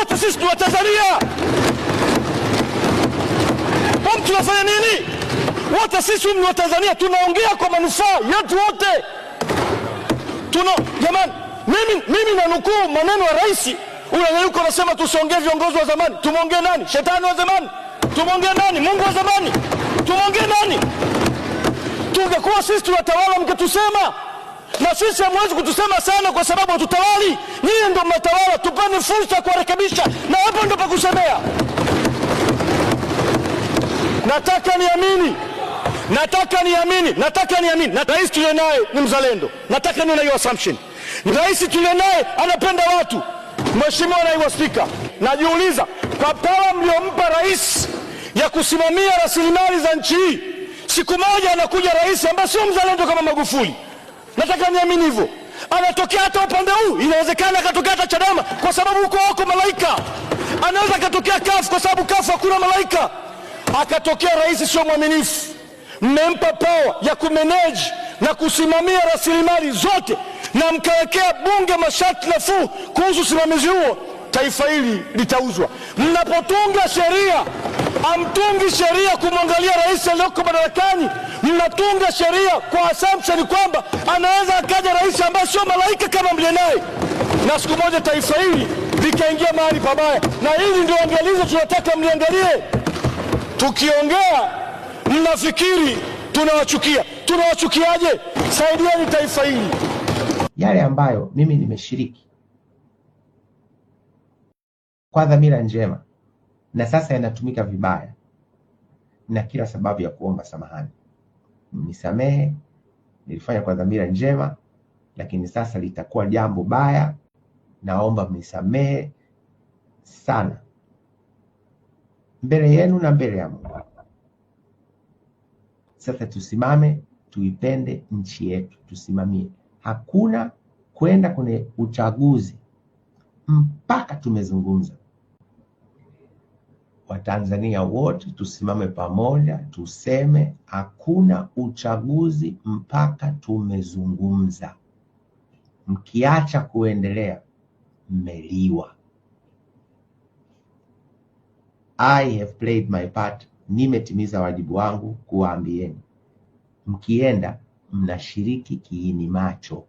wote sisi ni Watanzania. Mimi tunafanya nini? Wote sisi ni Watanzania, tunaongea kwa manufaa yetu wote tuna. Jamani, mimi, mimi nanukuu maneno ya rais unanyuka, unasema tusiongee viongozi wa zamani. Tumwongee nani? Shetani wa zamani? Tumwongee nani? Mungu wa zamani? Tumwongee nani? Tungekuwa sisi tunatawala mketusema na sisi hamwezi kutusema sana kwa sababu hatutawali. Nyinyi ndio mnatawala, tupani fursa ya kuwarekebisha, na hapo ndio pakusemea. Nataka niamini, nataka niamini, nataka niamini na rais tulio naye ni mzalendo. Nataka niwe na hiyo assumption. Rais tulio naye anapenda watu. Mheshimiwa Naibu Spika, najiuliza kwa pala mliompa rais ya kusimamia rasilimali za nchi hii, siku moja anakuja rais ambaye sio mzalendo kama Magufuli Nataka niamini hivyo. Anatokea hata upande huu, inawezekana akatokea hata Chadema kwa sababu huko wako malaika. Anaweza akatokea kafu kwa sababu kafu hakuna malaika. Akatokea rahisi sio mwaminifu, mmempa powa ya kumeneji na kusimamia rasilimali zote na mkawekea bunge masharti nafuu kuhusu usimamizi huo, taifa hili litauzwa. Mnapotunga sheria Hamtungi sheria kumwangalia rais aliyoko madarakani, mnatunga sheria kwa assumption kwamba anaweza akaja rais ambaye sio malaika kama mlie naye, na siku moja taifa hili likaingia mahali pabaya. Na hili ndio angalizo tunataka mliangalie. Tukiongea mnafikiri tunawachukia. Tunawachukiaje? Saidieni taifa hili. Yale ambayo mimi nimeshiriki kwa dhamira njema na sasa yanatumika vibaya, na kila sababu ya kuomba samahani, nisamehe, nilifanya kwa dhamira njema, lakini sasa litakuwa jambo baya, naomba mnisamehe sana mbele yenu na mbele ya Mungu. Sasa tusimame, tuipende nchi yetu, tusimamie. Hakuna kwenda kwenye uchaguzi mpaka tumezungumza Watanzania wote tusimame pamoja tuseme hakuna uchaguzi mpaka tumezungumza. Mkiacha kuendelea mmeliwa. I have played my part, nimetimiza wajibu wangu kuwaambieni. Mkienda mnashiriki kiini macho.